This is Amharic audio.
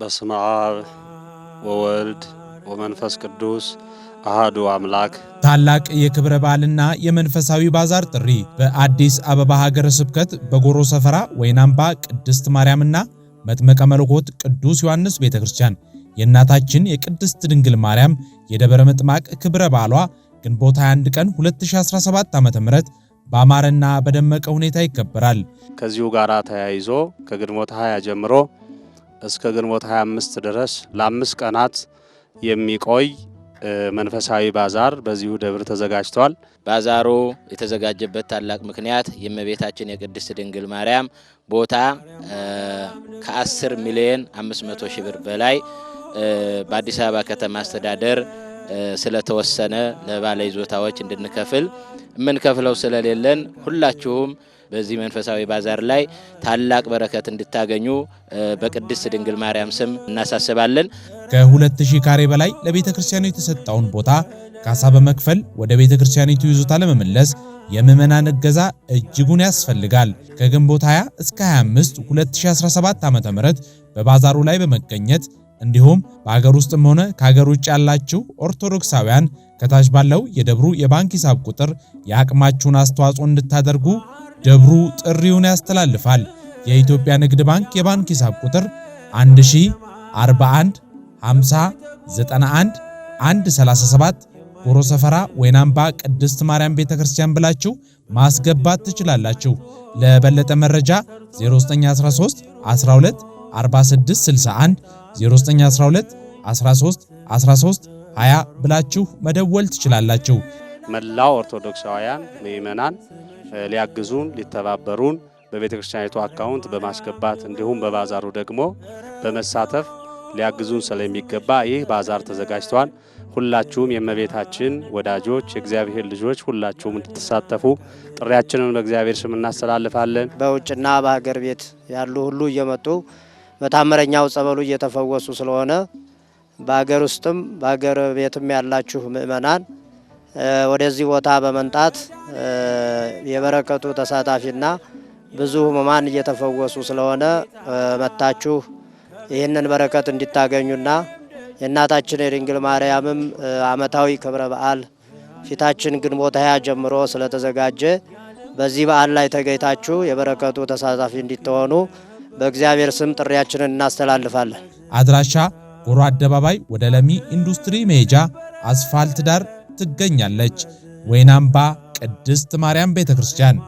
በስመ አብ ወወልድ ወመንፈስ ቅዱስ አህዱ አምላክ። ታላቅ የክብረ በዓልና የመንፈሳዊ ባዛር ጥሪ በአዲስ አበባ ሀገረ ስብከት በጎሮ ሰፈራ ወይናምባ ቅድስት ማርያምና መጥመቀ መለኮት ቅዱስ ዮሐንስ ቤተ ክርስቲያን የእናታችን የቅድስት ድንግል ማርያም የደብረ ምጥማቅ ክብረ በዓሏ ግንቦት 21 ቀን 2017 ዓ.ም በአማረና በደመቀ ሁኔታ ይከበራል። ከዚሁ ጋር ተያይዞ ከግንቦት 20 ጀምሮ እስከ ግንቦት 25 ድረስ ለአምስት ቀናት የሚቆይ መንፈሳዊ ባዛር በዚሁ ደብር ተዘጋጅቷል። ባዛሩ የተዘጋጀበት ታላቅ ምክንያት የእመቤታችን የቅድስት ድንግል ማርያም ቦታ ከ10 ሚሊዮን 500 ሺህ ብር በላይ በአዲስ አበባ ከተማ አስተዳደር ስለተወሰነ ለባለ ይዞታዎች እንድንከፍል የምንከፍለው ስለሌለን ሁላችሁም በዚህ መንፈሳዊ ባዛር ላይ ታላቅ በረከት እንድታገኙ በቅድስት ድንግል ማርያም ስም እናሳስባለን። ከ2000 ካሬ በላይ ለቤተ ክርስቲያኑ የተሰጠውን ቦታ ካሳ በመክፈል ወደ ቤተ ክርስቲያኒቱ ይዞታ ለመመለስ የምዕመናን እገዛ እጅጉን ያስፈልጋል። ከግንቦት 20 እስከ 25 2017 ዓ.ም በባዛሩ ላይ በመገኘት እንዲሁም በሀገር ውስጥም ሆነ ከአገር ውጭ ያላችሁ ኦርቶዶክሳውያን ከታች ባለው የደብሩ የባንክ ሂሳብ ቁጥር የአቅማችሁን አስተዋጽኦ እንድታደርጉ ደብሩ ጥሪውን ያስተላልፋል። የኢትዮጵያ ንግድ ባንክ የባንክ ሂሳብ ቁጥር 1041 50 91 137 ጎሮ ሰፈራ ወይናምባ ቅድስት ማርያም ቤተክርስቲያን ብላችሁ ማስገባት ትችላላችሁ። ለበለጠ መረጃ 0913 12 0912 13 13 20 ብላችሁ መደወል ትችላላችሁ። መላው ኦርቶዶክሳውያን ምእመናን ሊያግዙን ሊተባበሩን በቤተ ክርስቲያኒቱ አካውንት በማስገባት እንዲሁም በባዛሩ ደግሞ በመሳተፍ ሊያግዙን ስለሚገባ ይህ ባዛር ተዘጋጅቷል። ሁላችሁም የእመቤታችን ወዳጆች የእግዚአብሔር ልጆች ሁላችሁም እንድትሳተፉ ጥሪያችንን በእግዚአብሔር ስም እናስተላልፋለን። በውጭና በሀገር ቤት ያሉ ሁሉ እየመጡ በታምረኛው ጸበሉ እየተፈወሱ ስለሆነ በሀገር ውስጥም በሀገር ቤትም ያላችሁ ምእመናን ወደዚህ ቦታ በመምጣት የበረከቱ ተሳታፊና ብዙ ህሙማን እየተፈወሱ ስለሆነ መታችሁ ይህንን በረከት እንዲታገኙና የእናታችን የድንግል ማርያምም ዓመታዊ ክብረ በዓል ፊታችን ግንቦት ሃያ ጀምሮ ስለተዘጋጀ በዚህ በዓል ላይ ተገኝታችሁ የበረከቱ ተሳታፊ እንዲትሆኑ በእግዚአብሔር ስም ጥሪያችንን እናስተላልፋለን። አድራሻ ጎሮ አደባባይ ወደ ለሚ ኢንዱስትሪ መሄጃ አስፋልት ዳር ትገኛለች ወይናምባ ቅድስት ማርያም ቤተክርስቲያን።